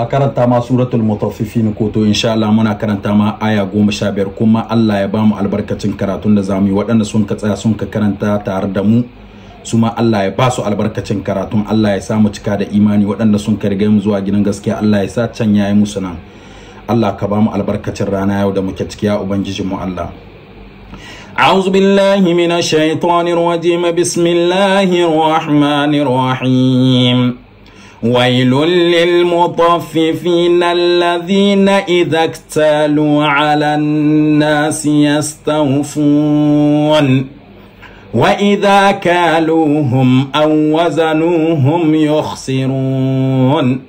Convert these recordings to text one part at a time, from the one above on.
a karanta ma suratul mutaffifin ko to insha Allah muna karanta ma aya goma sha biyar kuma Allah ya bamu albarkacin karatun da zamu yi waɗanda sun ka tsaya sun ka karanta tare da mu su Allah ya ba su albarkacin karatun Allah ya sa mu cika da imani waɗanda sun ka riga mu zuwa gidan gaskiya Allah ya sa can yayi musu nan Allah ka bamu albarkacin rana yau da muke ciki ya ubangiji mu Allah أعوذ بالله من الشيطان الرجيم بسم الله الرحمن الرحيم ويل للمطففين الذين إذا اكتالوا على الناس يستوفون وإذا كالوهم أو وزنوهم يخسرون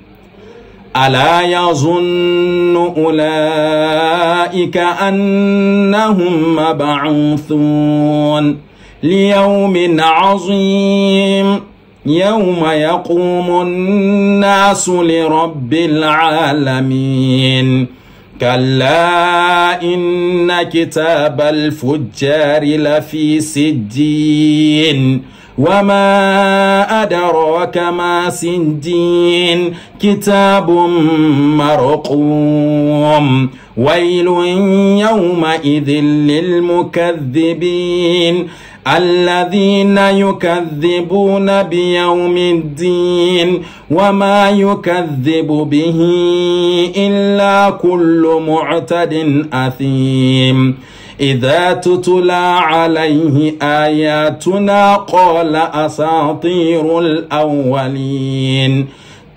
ألا يظن أولئك أنهم مبعوثون ليوم عظيم يوم يقوم الناس لرب العالمين كلا إن كتاب الفجار لفي سجين وما أدراك ما سجين كتاب مرقوم ويل يومئذ للمكذبين الذين يكذبون بيوم الدين وما يكذب به إلا كل معتد أثيم إذا تتلى عليه آياتنا قال أساطير الأولين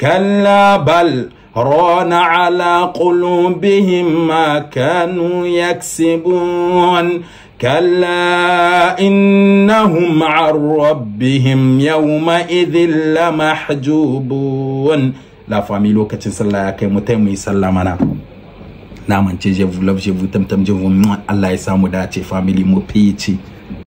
كلا بل ران على قلوبهم ما كانوا يكسبون كلا إنهم عن ربهم يومئذ لمحجوبون la famille lokacin sallah ya kai mu tai mu yi sallah mana na mance je vous love je vous tam tam je vous Allah ya samu dace famili mu fice